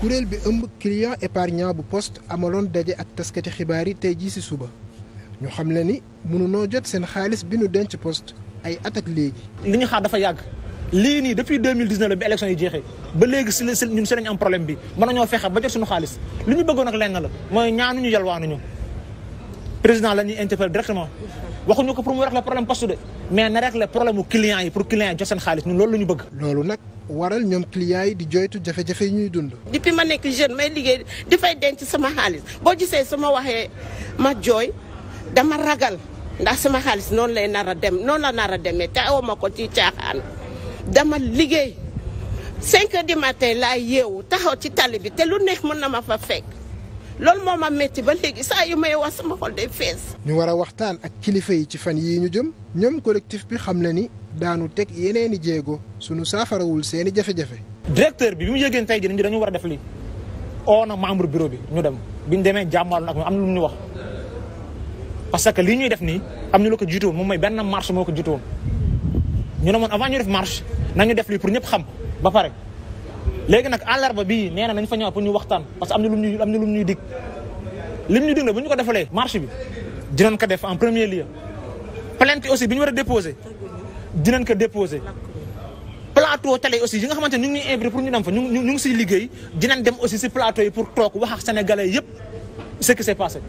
kuréel bi ëmb client épargnant bu post amaloon daje ak taskati xibaar yi tey jii ci suba ñu xam le ni mënunoo jot seen xaalis bi nu denc post ay at ak léegi. li ñu xaar dafa yàgg lii nii depuis deux mille dix neuf bi élection yi jeexee ba léegi si la si ñu si am problème bi mën nañoo fexe ba jot suñu xaalis li ñu bëggoon ak lenn la mooy ñaanuñu yalwaanuñu président la ñuy interpellé directement. waxuñu ko pour mu la problème poste de mais na régler problème mu client yi pour client yi jox seen xaalis ñun loolu la ñu bëgg. loolu nag waral ñoom client yi di jooytu jafe-jafe yi ñuy dund. depuis ma nekk jeune may liggéey dafay denc sama xaalis boo gisee sama ma waxee ma jooy dama ragal ndax sama xaalis noonu lay nar a dem noonu la nar a demee te aw ma ko ci caaxaan dama liggéey cinq heures du matin laa yeewu taxaw ci tali bi te lu neex mën na ma fa fek loolu moo ma métti ba léegi saa yu may wax sama xol day fees. ñu war a waxtaan ak kilifa yi ci fan yii ñu jëm ñoom collectif bi xam na ni daanu teg yeneeni jéego sunu saafarawul seeni jafe-jafe. directeur bi bi mu yëgeen tey jii dañu war a def lii na membre bureau bi ñu dem ñu demee jàmmaarlu ak am na lu ñu wax parce que lii ñuy def nii am ñu lu ko jiitu moom mooy benn marche moo ko jiitu ñu ne moon avant ñu def marche nañu def lii pour ñëpp xam ba pare. léegi nag àllarba bii nee na nañ fa ñëw pour ñu waxtaan parce que am na lu ñuy am na ñuy dig ñu na bu ñu ko defalee marché bi dinañ ko def en premier lieu plainte aussi bi ñu war a déposé dinañ ko déposé plateau télé aussi yi nga xamante ne ñu ngi ñuy invité pour ñu dem fa ñu ñu ngi siy liggéey dinañ dem aussi si plateau yi pour toog wax ak sénégalais yëpp ce qui s'est passé